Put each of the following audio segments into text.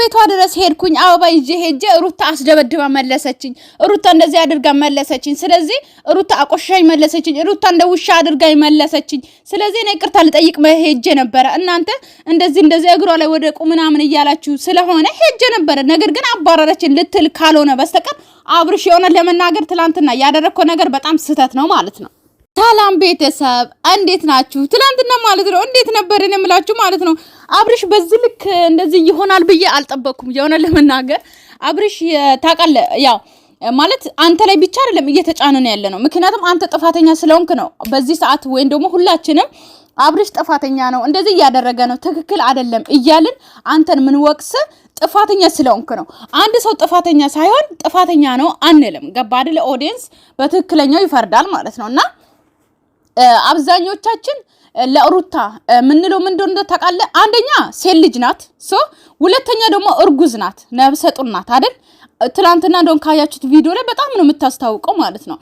ቤቷ ድረስ ሄድኩኝ። አበባ ይዤ ሄጄ ሩታ አስደበድባ መለሰችኝ። ሩታ እንደዚህ አድርጋ መለሰችኝ። ስለዚህ ሩታ አቆሻኝ መለሰችኝ። ሩታ እንደ ውሻ አድርጋ መለሰችኝ። ስለዚህ እኔ ቅርታ ልጠይቅ ሄጄ ነበረ። እናንተ እንደዚህ እንደዚህ እግሯ ላይ ወደቁ ምናምን እያላችሁ ስለሆነ ሄጄ ነበረ። ነገር ግን አባረረችን ልትል ካልሆነ በስተቀር አብርሽ የሆነ ለመናገር ትላንትና ያደረግከው ነገር በጣም ስህተት ነው ማለት ነው። ሰላም ቤተሰብ እንዴት ናችሁ? ትናንትና ማለት ነው እንዴት ነበር የምላችሁ ማለት ነው። አብርሽ በዚህ ልክ እንደዚህ ይሆናል ብዬ አልጠበቅኩም። የሆነ ለመናገር አብርሽ ታውቃለህ፣ ያው ማለት አንተ ላይ ብቻ አይደለም እየተጫነን ያለ ነው። ምክንያቱም አንተ ጥፋተኛ ስለሆንክ ነው በዚህ ሰዓት ወይም ደግሞ ሁላችንም አብርሽ ጥፋተኛ ነው፣ እንደዚህ እያደረገ ነው፣ ትክክል አይደለም እያልን አንተን ምን ወቅስ ጥፋተኛ ስለሆንክ ነው። አንድ ሰው ጥፋተኛ ሳይሆን ጥፋተኛ ነው አንልም። ገባ አይደለ? ኦዲየንስ በትክክለኛው ይፈርዳል ማለት ነው እና አብዛኞቻችን ለሩታ የምንለው ምን እንደሆነ ታውቃለህ? አንደኛ ሴት ልጅ ናት፣ ሁለተኛ ደግሞ እርጉዝ ናት፣ ነብሰ ጡር ናት አይደል? ትላንትና እንደሆነ ካያችሁት ቪዲዮ ላይ በጣም ነው የምታስታውቀው ማለት ነው።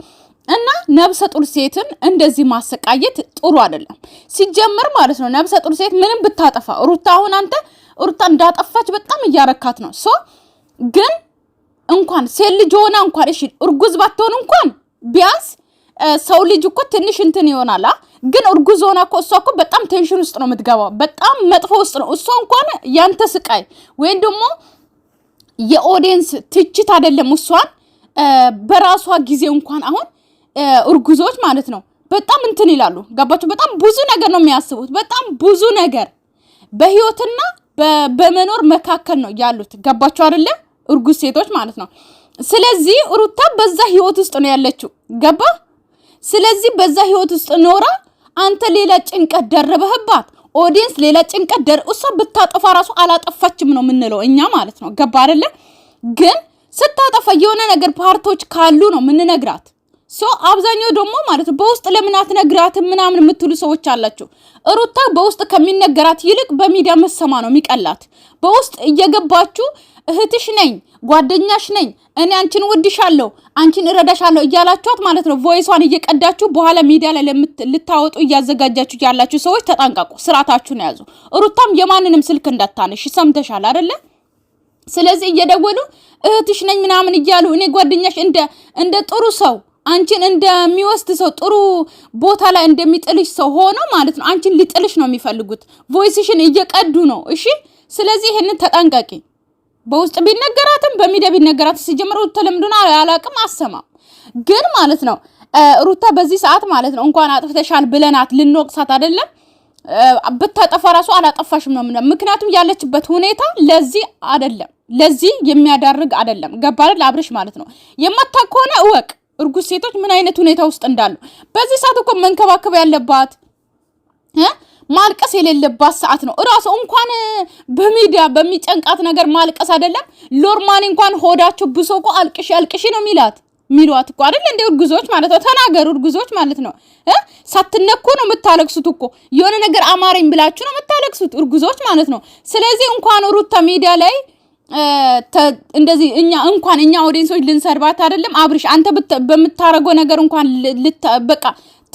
እና ነብሰ ጡር ሴትን እንደዚህ ማሰቃየት ጥሩ አይደለም ሲጀምር ማለት ነው። ነብሰ ጡር ሴት ምንም ብታጠፋ ሩታ አሁን አንተ ሩታ እንዳጠፋች በጣም እያረካት ነው። ሶ ግን እንኳን ሴት ልጅ ሆና እንኳን እሺ እርጉዝ ባትሆን እንኳን ቢያንስ ሰው ልጅ እኮ ትንሽ እንትን ይሆናል። ግን እርጉዝ ሆና እኮ እሷ እኮ በጣም ቴንሽን ውስጥ ነው የምትገባው። በጣም መጥፎ ውስጥ ነው እሷ እንኳን ያንተ ስቃይ ወይም ደግሞ የኦዲየንስ ትችት አይደለም እሷን በራሷ ጊዜ እንኳን አሁን እርጉዞች ማለት ነው በጣም እንትን ይላሉ። ገባችሁ? በጣም ብዙ ነገር ነው የሚያስቡት። በጣም ብዙ ነገር በህይወትና በመኖር መካከል ነው ያሉት። ገባችሁ አይደለ? እርጉዝ ሴቶች ማለት ነው። ስለዚህ ሩታ በዛ ህይወት ውስጥ ነው ያለችው። ገባ ስለዚህ በዛ ህይወት ውስጥ ኖራ አንተ ሌላ ጭንቀት ደረበህባት። ኦዲየንስ ሌላ ጭንቀት ደር እሷ ብታጠፋ ራሱ አላጠፋችም ነው የምንለው እኛ ማለት ነው። ገባ አይደለ? ግን ስታጠፋ የሆነ ነገር ፓርቶች ካሉ ነው የምንነግራት። ሶ አብዛኛው ደግሞ ማለት ነው በውስጥ ለምን አትነግራትም ምናምን የምትሉ ሰዎች አላችሁ። ሩታ በውስጥ ከሚነገራት ይልቅ በሚዲያ መሰማ ነው የሚቀላት። በውስጥ እየገባችሁ እህትሽ ነኝ፣ ጓደኛሽ ነኝ፣ እኔ አንቺን ውድሻለሁ፣ አንቺን እረዳሻለሁ እያላችኋት ማለት ነው። ቮይሷን እየቀዳችሁ በኋላ ሚዲያ ላይ ልታወጡ እያዘጋጃችሁ ያላችሁ ሰዎች ተጠንቀቁ፣ ስርዓታችሁን ያዙ። ሩታም የማንንም ስልክ እንዳታነሽ ሰምተሻል አደለ? ስለዚህ እየደወሉ እህትሽ ነኝ ምናምን እያሉ እኔ ጓደኛሽ እንደ እንደ ጥሩ ሰው አንቺን እንደሚወስድ ሰው ጥሩ ቦታ ላይ እንደሚጥልሽ ሰው ሆኖ ማለት ነው አንቺን ሊጥልሽ ነው የሚፈልጉት። ቮይስሽን እየቀዱ ነው። እሺ፣ ስለዚህ ይህንን ተጠንቀቂ። በውስጥ ቢነገራትም በሚዲያ ቢነገራትም ሲጀምር ተለምዶና አላቅም አሰማም ግን ማለት ነው ሩታ በዚህ ሰዓት ማለት ነው እንኳን አጥፍተሻል ብለናት ልንወቅሳት አይደለም ብታጠፋ ራሱ አላጠፋሽም ነው ምንም። ምክንያቱም ያለችበት ሁኔታ ለዚህ አይደለም፣ ለዚህ የሚያዳርግ አይደለም። ገባለ ለአብርሽ ማለት ነው። የማታውቅ ከሆነ እወቅ እርጉዝ ሴቶች ምን አይነት ሁኔታ ውስጥ እንዳሉ በዚህ ሰዓት እኮ መንከባከብ ያለባት ማልቀስ የሌለባት ሰዓት ነው። እራሱ እንኳን በሚዲያ በሚጨንቃት ነገር ማልቀስ አይደለም። ሎርማን እንኳን ሆዳቸው ብሶ እኮ አልቅሽ አልቅሽ ነው የሚላት ሚሏት እኮ አይደል እንደ እርጉዞች ማለት ነው። ተናገሩ እርጉዞች ማለት ነው። ሳትነኩ ነው የምታለቅሱት እኮ የሆነ ነገር አማረኝ ብላችሁ ነው የምታለቅሱት እርጉዞች ማለት ነው። ስለዚህ እንኳን ሩታ ሚዲያ ላይ እንደዚህ እኛ እንኳን እኛ ኦዲንሶች ልንሰርባት አይደለም። አብርሽ አንተ በምታረገው ነገር እንኳን በቃ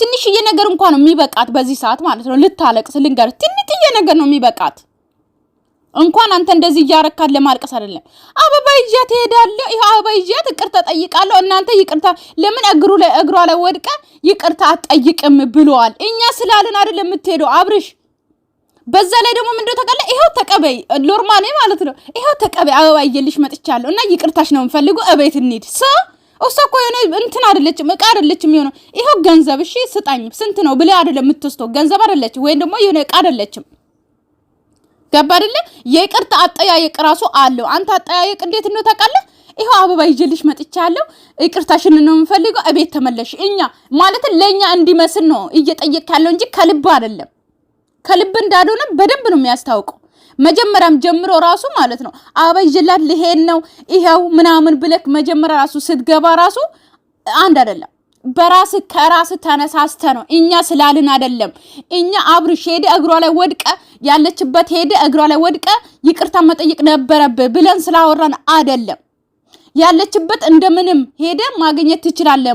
ትንሽዬ ነገር እንኳን ነው የሚበቃት በዚህ ሰዓት ማለት ነው። ልታለቅስ ልንገር፣ ትንሽዬ ነገር ነው የሚበቃት። እንኳን አንተ እንደዚህ እያረካት ለማልቀስ አይደለም። አበባ ይዣ ትሄዳለህ። ይሄ አበባ ይዣት ይቅርታ ጠይቃለሁ። እናንተ ይቅርታ ለምን እግሩ ላይ እግሯ ላይ ወድቀ ይቅርታ አትጠይቅም ብለዋል። እኛ ስላልን አይደለም የምትሄደው አብርሽ። በዛ ላይ ደግሞ ምንድነው ተቀለ ይሄው ተቀበይ ሎርማኔ ማለት ነው። ይሄው ተቀበይ አበባ ይዤልሽ መጥቻለሁ እና ይቅርታሽ ነው የምፈልገው። እቤት እንሂድ ሰው እሷ እኮ የሆነ እንትን አይደለችም፣ እቃ አይደለችም። የሆነ ይኸው ገንዘብ እሺ ስጣኝ ስንት ነው ብለ አይደለም የምትወስደው። ገንዘብ አደለች ወይም ደግሞ የሆነ እቃ አይደለችም። ገባ አይደለ? የይቅርታ አጠያየቅ ራሱ አለው። አንተ አጠያየቅ እንዴት ነው ታውቃለህ? ይኸው አበባ ይዤልሽ መጥቻለሁ፣ ይቅርታሽን ነው የምፈልገው፣ እቤት ተመለሽ። እኛ ማለት ለእኛ እንዲመስል ነው እየጠየቅ ያለው እንጂ ከልብ አይደለም። ከልብ እንዳልሆነ በደንብ ነው የሚያስታውቀው። መጀመሪያም ጀምሮ ራሱ ማለት ነው አበይላል ልሄድ ነው ይሄው ምናምን ብለክ መጀመሪያ ራሱ ስትገባ ራሱ አንድ አይደለም። በራስ ከራስ ተነሳስተ ነው እኛ ስላልን አይደለም። እኛ አብርሽ ሄደ እግሯ ላይ ወድቀ ያለችበት ሄደ እግሯ ላይ ወድቀ ይቅርታ መጠየቅ ነበረብህ ብለን ስላወራን አይደለም። ያለችበት እንደምንም ሄደ ማግኘት ትችላለ፣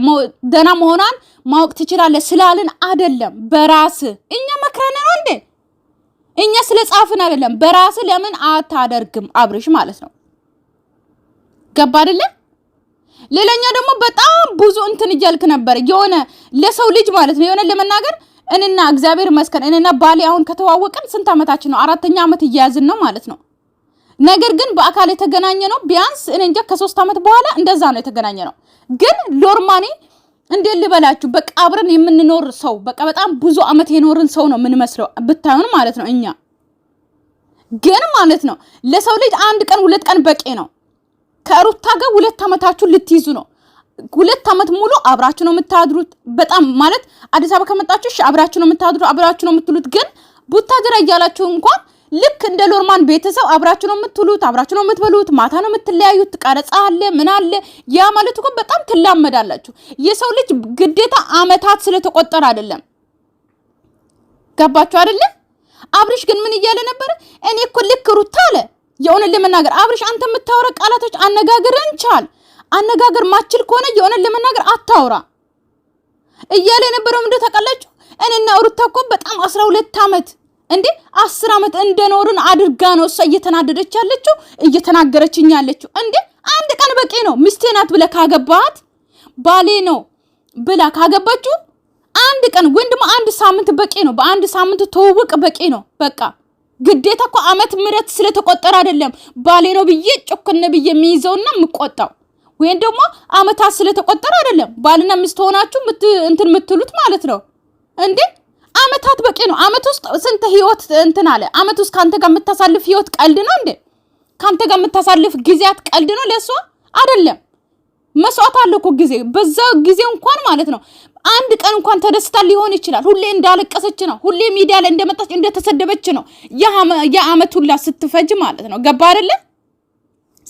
ደህና መሆኗን ማወቅ ትችላለ ስላልን አይደለም። በራስ እኛ መክረን እኛ ስለ ጻፍን አይደለም። በራስ ለምን አታደርግም አብርሽ ማለት ነው። ገባ አይደለም? ሌላኛው ደግሞ በጣም ብዙ እንትን እያልክ ነበር። የሆነ ለሰው ልጅ ማለት ነው የሆነ ለመናገር እንና እግዚአብሔር ይመስገን እንና ባሌ አሁን ከተዋወቅን ስንት ዓመታችን ነው? አራተኛ አመት እያያዝን ነው ማለት ነው። ነገር ግን በአካል የተገናኘ ነው ቢያንስ እኔ እንጃ ከሶስት አመት በኋላ እንደዛ ነው የተገናኘ ነው። ግን ሎርማኔ እንዴት ልበላችሁ፣ በቃ አብረን የምንኖር ሰው በቃ በጣም ብዙ አመት የኖርን ሰው ነው የምንመስለው ብታዩን ማለት ነው። እኛ ግን ማለት ነው ለሰው ልጅ አንድ ቀን ሁለት ቀን በቂ ነው። ከሩታ ጋር ሁለት አመታችሁ ልትይዙ ነው። ሁለት አመት ሙሉ አብራችሁ ነው የምታድሩት። በጣም ማለት አዲስ አበባ ከመጣችሁ አብራችሁ ነው የምታድሩት፣ አብራችሁ ነው የምትሉት። ግን ቡታጅራ እያላችሁ እንኳን ልክ እንደ ሎርማን ቤተሰብ አብራችሁ ነው የምትውሉት፣ አብራችሁ ነው የምትበሉት፣ ማታ ነው የምትለያዩት፣ ቀረጻ አለ ምን አለ። ያ ማለት እኮ በጣም ትላመዳላችሁ። የሰው ልጅ ግዴታ አመታት ስለተቆጠረ አይደለም። ገባችሁ አይደለም? አብርሽ ግን ምን እያለ ነበረ? እኔ እኮ ልክ ሩታ አለ የእውነት ለመናገር አብርሽ፣ አንተ የምታወራ ቃላቶች አነጋገር እንቻል አነጋገር ማችል ከሆነ የእውነት ለመናገር አታውራ እያለ የነበረው ምንደ ታውቃላችሁ እኔና ሩታ እኮ በጣም አስራ ሁለት አመት እንዴ አስር ዓመት እንደኖርን አድርጋ ነው እሷ እየተናደደች ያለችው እየተናገረችኝ ያለችው። እንዴ አንድ ቀን በቂ ነው። ሚስቴ ናት ብለህ ባሌ ነው ብላ ካገባችሁ አንድ ቀን ወይም ደግሞ አንድ ሳምንት በቂ ነው። በአንድ ሳምንት ትውውቅ በቂ ነው። በቃ ግዴታ እኮ ዓመት ምሕረት ስለተቆጠረ አይደለም ባሌ ነው ብዬ ጮክን ብዬ የሚይዘውና የምቆጣው ወይም ደግሞ ዓመታት ስለተቆጠረ አይደለም ባልና ሚስት ሆናችሁ እንትን የምትሉት ማለት ነው እንዴ አመታት በቂ ነው። አመት ውስጥ ስንት ህይወት እንትን አለ። አመት ውስጥ ከአንተ ጋር የምታሳልፍ ህይወት ቀልድ ነው እንዴ? ከአንተ ጋር የምታሳልፍ ጊዜያት ቀልድ ነው ለእሷ አይደለም። መስዋዕት አለ እኮ ጊዜ በዛ ጊዜ እንኳን ማለት ነው አንድ ቀን እንኳን ተደስታ ሊሆን ይችላል። ሁሌ እንዳለቀሰች ነው፣ ሁሌ ሚዲያ ላይ እንደመጣች እንደተሰደበች ነው የአመት ሁላ ስትፈጅ ማለት ነው። ገባ አይደለ?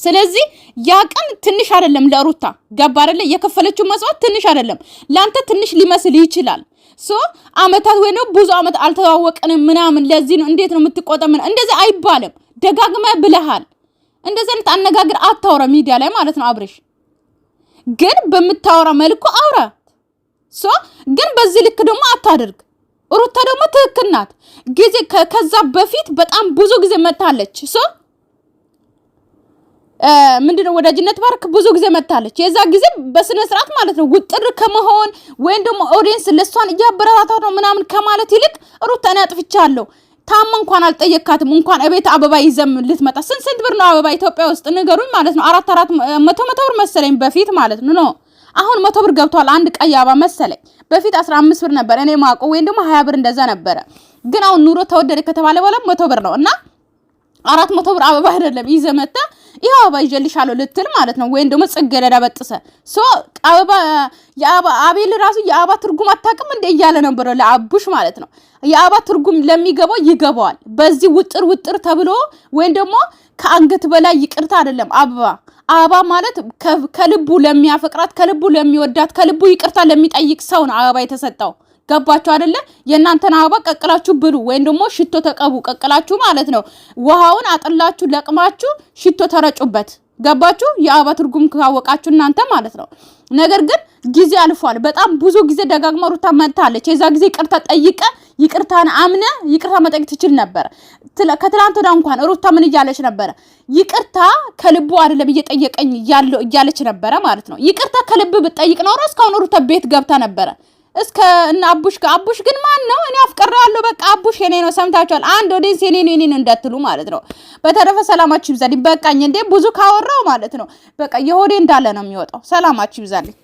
ስለዚህ ያ ቀን ትንሽ አይደለም ለሩታ ገባ አይደለ? የከፈለችው መስዋዕት ትንሽ አይደለም። ለአንተ ትንሽ ሊመስል ይችላል። ሶ አመታት ወይ ነው ብዙ አመት አልተዋወቅንም ምናምን ለዚህ ነው እንዴት ነው የምትቆጠም እንደዚህ አይባልም። ደጋግመ ብለሃል። እንደዚህ አይነት አነጋገር አታውራ ሚዲያ ላይ ማለት ነው። አብርሽ ግን በምታወራ መልኩ አውራ። ሶ ግን በዚህ ልክ ደግሞ አታደርግ። ሩታ ደግሞ ትክክል ናት። ጊዜ ከዛ በፊት በጣም ብዙ ጊዜ መታለች ሶ ምንድነው ወዳጅነት ባርክ ብዙ ጊዜ መታለች። የዛ ጊዜ በስነ ስርዓት ማለት ነው ውጥር ከመሆን ወይም ደግሞ ኦዲየንስ ለሷን እያበረታታት ነው ምናምን ከማለት ይልቅ ሩታ እኔ አጥፍቻለሁ ታማ እንኳን አልጠየካትም። እንኳን እቤት አበባ ይዘም ልትመጣ ስንት ስንት ብር ነው አበባ ኢትዮጵያ ውስጥ ንገሩኝ ማለት ነው። አራት አራት መቶ መቶ ብር መሰለኝ በፊት ማለት ነው። አሁን መቶ ብር ገብቷል አንድ ቀይ አበባ መሰለኝ። በፊት አስራ አምስት ብር ነበር እኔ ማውቀው ወይም ደግሞ ሀያ ብር እንደዛ ነበረ። ግን አሁን ኑሮ ተወደደ ከተባለ በኋላ መቶ ብር ነው እና አራት መቶ ብር አበባ አይደለም ይዘህ መተህ ይኸው አበባ ይዤልሻለሁ ልትል ማለት ነው። ወይም ደግሞ ጽጌረዳ በጥሰ ሶ አበባ አቤል ራሱ የአበባ ትርጉም አታውቅም እንደ እያለ ነበረ ለአቡሽ ማለት ነው። የአበባ ትርጉም ለሚገባው ይገባዋል። በዚህ ውጥር ውጥር ተብሎ ወይም ደግሞ ከአንገት በላይ ይቅርታ አይደለም አበባ አበባ ማለት ከልቡ ለሚያፈቅራት፣ ከልቡ ለሚወዳት፣ ከልቡ ይቅርታ ለሚጠይቅ ሰው ነው አበባ የተሰጠው። ገባችሁ አይደለ? የእናንተን አበባ ቀቅላችሁ ብሉ፣ ወይም ደግሞ ሽቶ ተቀቡ። ቀቅላችሁ ማለት ነው። ውሃውን አጥላችሁ ለቅማችሁ ሽቶ ተረጩበት። ገባችሁ? የአበባ ትርጉም ካወቃችሁ እናንተ ማለት ነው። ነገር ግን ጊዜ አልፏል። በጣም ብዙ ጊዜ ደጋግማ ሩታ መታለች። የዛ ጊዜ ይቅርታ ጠይቀ ይቅርታን አምነ ይቅርታ መጠየቅ ትችል ነበር። ከትላንት ወዲያ እንኳን ሩታ ምን እያለች ነበረ? ይቅርታ ከልቡ አይደለም እየጠየቀኝ እያለች ነበረ ማለት ነው። ይቅርታ ከልብ ብጠይቅ ኖሮ እስካሁን ሩታ ቤት ገብታ ነበረ። እስከ እና አቡሽ ጋር አቡሽ ግን ማን ነው? እኔ አፍቀራለሁ። በቃ አቡሽ የኔ ነው። ሰምታችኋል። አንድ ወዴንስ የኔ ነው የኔ ነው እንዳትሉ ማለት ነው። በተረፈ ሰላማችሁ ይብዛል። በቃኝ እንዴ ብዙ ካወራው ማለት ነው። በቃ የሆዴ እንዳለ ነው የሚወጣው። ሰላማችሁ ይብዛልኝ።